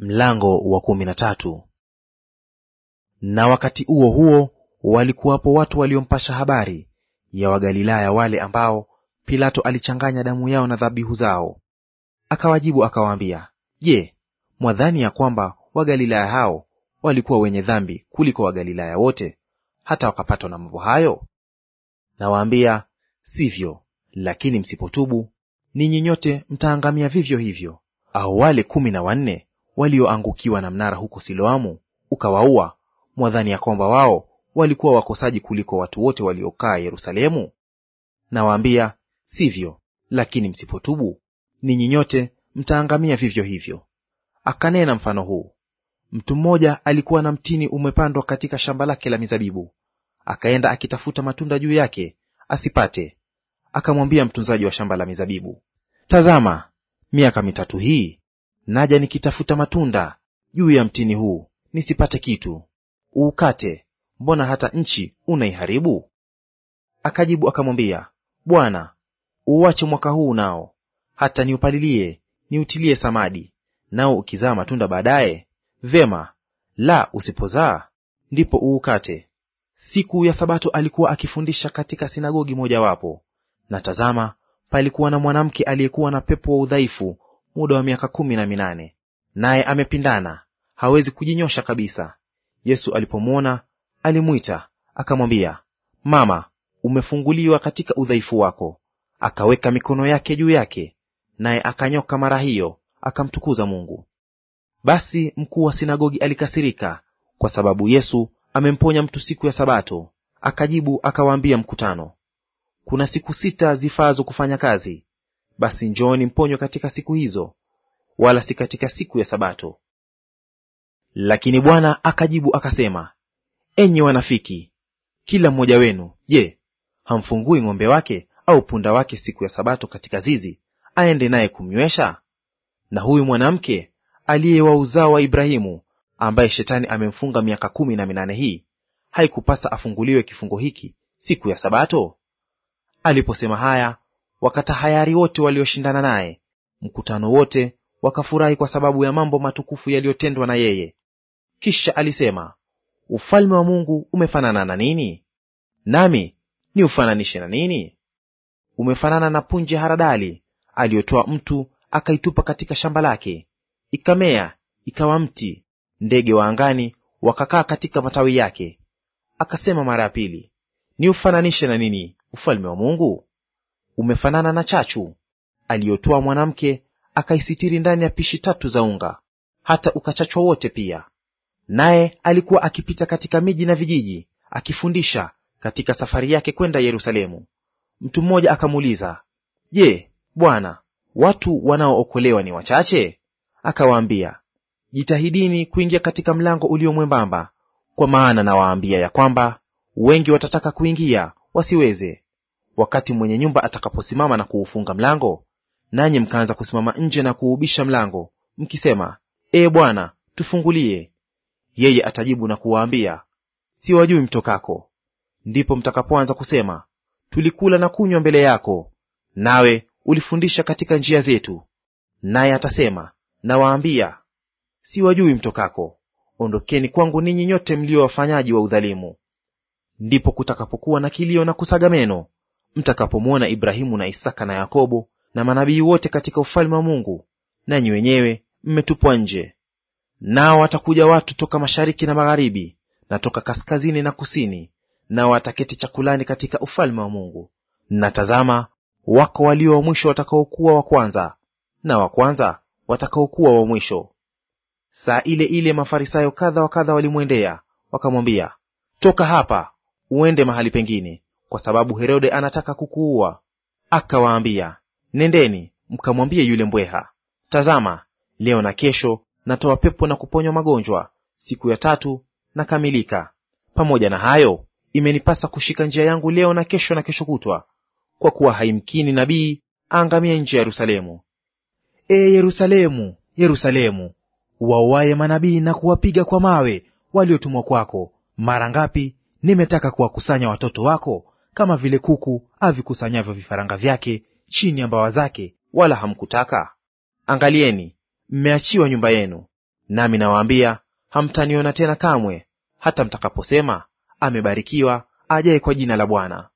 Mlango wa kumi na tatu. Na wakati huo huo walikuwapo watu waliompasha habari ya Wagalilaya wale ambao Pilato alichanganya damu yao na dhabihu zao. Akawajibu akawaambia, Je, mwadhani ya kwamba Wagalilaya hao walikuwa wenye dhambi kuliko Wagalilaya wote hata wakapatwa na mambo hayo? Nawaambia, sivyo; lakini msipotubu ninyi nyote mtaangamia vivyo hivyo. Au wale kumi na wanne walioangukiwa na mnara huko Siloamu ukawaua, mwadhani ya kwamba wao walikuwa wakosaji kuliko watu wote waliokaa Yerusalemu? Nawaambia, sivyo; lakini msipotubu, ninyi nyote mtaangamia vivyo hivyo. Akanena mfano huu: mtu mmoja alikuwa na mtini umepandwa katika shamba lake la mizabibu, akaenda akitafuta matunda juu yake, asipate. Akamwambia mtunzaji wa shamba la mizabibu, Tazama, miaka mitatu hii naja nikitafuta matunda juu ya mtini huu, nisipate kitu. Uukate, mbona hata nchi unaiharibu? Akajibu akamwambia, Bwana, uuache mwaka huu nao, hata niupalilie, niutilie samadi, nao ukizaa matunda baadaye vema; la, usipozaa ndipo uukate. Siku ya Sabato alikuwa akifundisha katika sinagogi mojawapo, na tazama, palikuwa na mwanamke aliyekuwa na pepo wa udhaifu muda wa miaka kumi na minane, naye amepindana, hawezi kujinyosha kabisa. Yesu alipomwona alimwita akamwambia, Mama, umefunguliwa katika udhaifu wako. Akaweka mikono yake juu yake, naye akanyoka mara hiyo, akamtukuza Mungu. Basi mkuu wa sinagogi alikasirika kwa sababu Yesu amemponya mtu siku ya Sabato. Akajibu akawaambia mkutano, kuna siku sita zifaazo kufanya kazi, basi njooni mponywe katika siku hizo, wala si katika siku ya Sabato. Lakini Bwana akajibu akasema, enyi wanafiki, kila mmoja wenu, je, hamfungui ng'ombe wake au punda wake siku ya Sabato katika zizi, aende naye kumnywesha? Na huyu mwanamke aliye wa uzao wa Ibrahimu, ambaye Shetani amemfunga miaka kumi na minane hii, haikupasa afunguliwe kifungo hiki siku ya Sabato? Aliposema haya, wakatahayari wote walioshindana naye, mkutano wote wakafurahi kwa sababu ya mambo matukufu yaliyotendwa na yeye. Kisha alisema, ufalme wa Mungu umefanana na nini? Nami ni ufananishe na nini? Umefanana na punje haradali aliyotoa mtu akaitupa katika shamba lake, ikamea ikawa mti, ndege wa angani wakakaa katika matawi yake. Akasema mara ya pili, niufananishe na nini ufalme wa Mungu? umefanana na chachu aliyotoa mwanamke akaisitiri ndani ya pishi tatu za unga, hata ukachachwa wote pia. Naye alikuwa akipita katika miji na vijiji akifundisha katika safari yake kwenda Yerusalemu. Mtu mmoja akamuuliza, Je, Bwana, watu wanaookolewa ni wachache? Akawaambia, jitahidini kuingia katika mlango ulio mwembamba, kwa maana nawaambia ya kwamba wengi watataka kuingia wasiweze wakati mwenye nyumba atakaposimama na kuufunga mlango, nanyi mkaanza kusimama nje na kuubisha mlango, mkisema, Ee Bwana, tufungulie, yeye atajibu na kuwaambia, siwajui mtokako. Ndipo mtakapoanza kusema, tulikula na kunywa mbele yako, nawe ulifundisha katika njia zetu. Naye atasema, nawaambia, siwajui mtokako. Ondokeni kwangu ninyi nyote mlio wafanyaji wa udhalimu. Ndipo kutakapokuwa na kilio na kusaga meno mtakapomwona Ibrahimu na Isaka na Yakobo na manabii wote katika ufalme wa Mungu, nanyi wenyewe mmetupwa nje. Nao watakuja watu toka mashariki na magharibi na toka kaskazini na kusini, nao wataketi chakulani katika ufalme wa Mungu. Na tazama, wako walio wa mwisho watakaokuwa wa kwanza, na wa kwanza watakaokuwa wa mwisho. Saa ile ile Mafarisayo kadha wa kadha walimwendea wakamwambia, toka hapa uende mahali pengine, kwa sababu Herode anataka kukuua. Akawaambia, nendeni mkamwambie yule mbweha, tazama, leo na kesho natoa pepo na kuponywa magonjwa, siku ya tatu nakamilika. Pamoja na hayo, imenipasa kushika njia yangu leo na kesho na kesho kutwa, kwa kuwa haimkini nabii aangamie nje ya Yerusalemu. E Yerusalemu, Yerusalemu, uwauaye manabii na kuwapiga kwa mawe waliotumwa kwako, mara ngapi nimetaka kuwakusanya watoto wako kama vile kuku avikusanyavyo vifaranga vyake chini ya mbawa zake, wala hamkutaka? Angalieni, mmeachiwa nyumba yenu. Nami nawaambia, hamtaniona tena kamwe, hata mtakaposema, amebarikiwa ajaye kwa jina la Bwana.